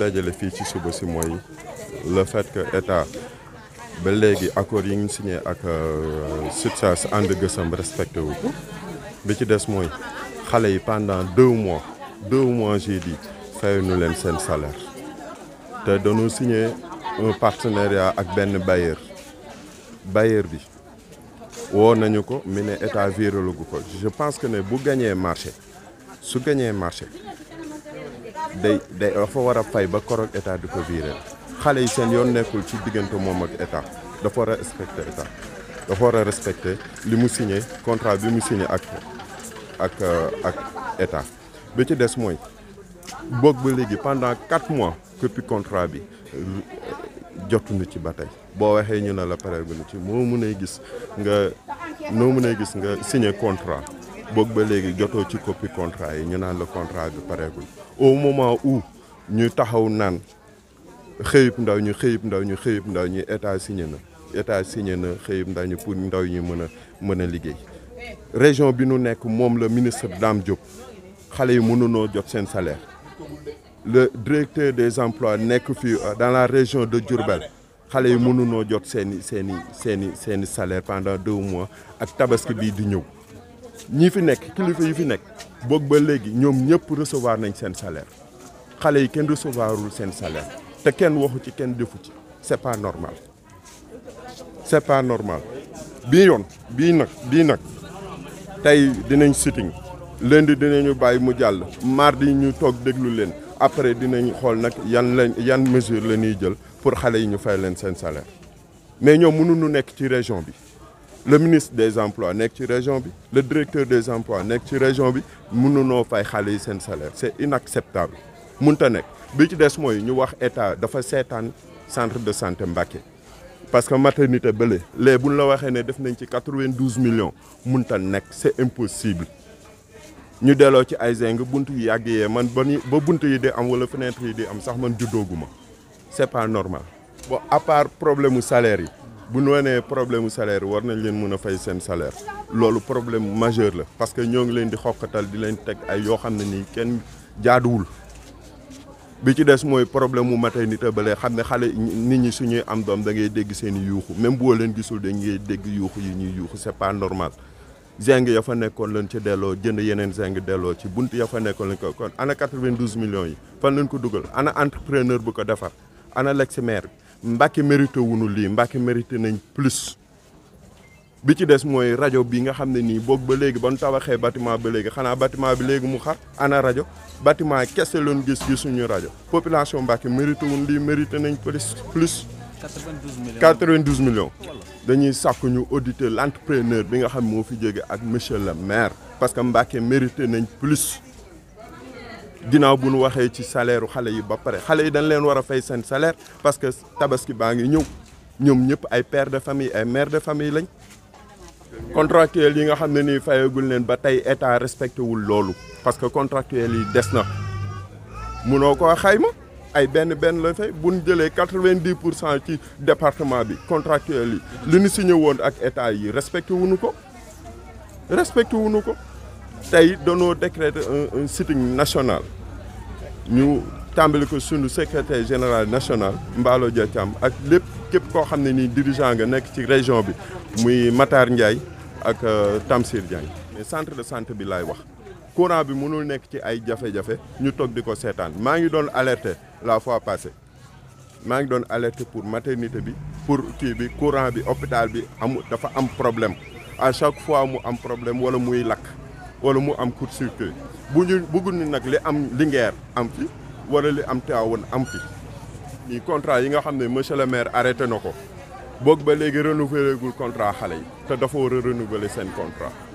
dajale fii ci suba si mooy le fait que état ba léegi accords yi ñu signé ak euh, SUTSAS ànd gësam respecté wu ko bi ci des mooy xale yi pendant deux mois deux mois j'ai dit fayuñu leen seen salaire te dañoo signé un ak benn bailleur bailleur bi woo nañu ko mu ne état viralagu ko je pense que ne bu gañee marché su gañee marché day day dafa war a fay ba koroog état di ko virer xale yi seen yoon nekkul ci diggante moom ak état dafa war a respecter état dafa war a respecter li mu signé contrat bi mu signé ak ak euh, ak état bi ci des mooy boog ba léegi pendant quatre mois këppi contrat bi euh, jotuñu ci ba tey boo waxee ñu ne la pareeguñu ci moo mënee gis nga noo mënee gis nga signé contrat. boog ba léegi jotoo ci kopi contrat yi ñu naan la contrat bi pareegul au moment ñu taxaw naan xëyub ndaw ñu xëyub ndaw ñu xëyub ndaw ñu état signé na état signé na xëyub ndaw ñu pour ndaw ñu mën a mën a liggéey région bi nu nekk moom la ministre Dame Diop xale yi mënunoo jot seen salaire le directeur des emplois nekk fii euh, dans la région de Diourbel xale yi mënunoo jot seen i seeni seeni seen i seen i salaire mois ak tabaski bii di ñëw ñi fi nekk kilifa yi fi nekk boog ba léegi ñoom ñëpp resevoir nañ seen salaire xale yi kenn recevoirul seen salaire te kenn waxu ci kenn defu ci c'est pas normal c'est pas normal bii yoon bii nag bii nag tey dinañ sitting lundi dinañu bàyyi mu jàll mardi ñu toog déglu leen après dinañ xool nag yan lañ yan mesure la ñuy jël pour xale yi ñu fay leen seen salaire mais ñoom mënuñu nekk ci région bi le ministre des emplois nekk ci région bi le directeur des emplois nekk ci région bi mënunoo fay xale yi seen salaire c'est inacceptable munta nekk bi ci des mooy ñu wax état dafa seetaan centre de sante Mbacké parce que maternité bële léegi bu ñu la waxee ne def nañ ci quatre-vingt-douze millions munta nekk c'est impossible ñu delloo ci ay zeng bunt yi yàgg man ba ñu ba bunt yi de am wala fenêtre yi di am sax man juddooguma c'est pas normal bon à par problème mu salaire yi bu ñu wanee problème mu salaire war nañ leen mën a fay seen salaire loolu problème majeur la parce que ñoo ngi leen di xokkatal di leen teg ay yoo xam ne nii kenn jaaduwul bi ci des mooy problème mu maternité ba lee xam ne xale nit ñi suñuy am doom da ngay dégg seen i yuuxu même boo leen gisul da ngay dégg yuuxu yi ñuy yuuxu c'est pas normal zinc ya fa nekkoon leen ci delloo jënd yeneen zinc delloo ci bunt ya fa nekkoon lañ ko kon ana 92 millions yi fan lañ ko dugal ana entrepreneur bu ko defar ana lex maire Mbàkke mérité wunu lii Mbàkke mérité nañ plus bi ci des mooy rajo bi nga xam ne nii boog ba léegi ba nu tabaxee bâtiment ba léegi xanaa bâtiment bi léegi mu xar ana rajo bâtiment kese loon gis gis suñu rajo population Mbàkke mérité wunu lii mérité nañ plus plus 92 millions dañuy sàkk ñu auditer l' entrepreneur bi nga xam moo fi jóge ak monsieur le maire parce que Mbàkke mérité nañ plus ginnaaw bu ñu waxee ci salaire xale yi ba pare xale yi dañ leen war a fay seen salaire parce que tabaski baa ngi ñëw ñoom ñëpp ay père de famille ay mère de famille lañ contractuel yi nga xam ne nii fayagul leen ba tey état respecté wul loolu parce que contractuel yi des na munoo koo xayma ay benn benn la fay bu ñu jëlee quatre-vingt-dix pour cent ci département bi contractuel yi li ñu signé woon ak état yi respecté wuñu ko respecté wuñu ko tey danoo décréter un un sitting ñu tàmbali ko sunu secrétaire général national Mballo Dia ak lépp képp koo xam ne nii dirigeant nga nekk ci région bi muy Matar Ndiaye ak euh, Tamsir Diagne mais centre de santé bi laay wax courant bi mënul nekk ci ay jafejafe ñu toog di ko seetaan maa ngi doon alerte la fois passée maa ngi doon alerte pour maternité bi pour kii bi courant bi hôpital bi amu dafa am problème à chaque fois mu am problème wala muy lakk wala mu am court circuit bu bëggul ni nag li am Linguère am fi wala li am Tivaouane am fi ni contrat yi nga xam ne monsieur le maire arrêté na ko boog ba léegi renouveler gul contrat xale yi te dafa war a renouveler seen contrat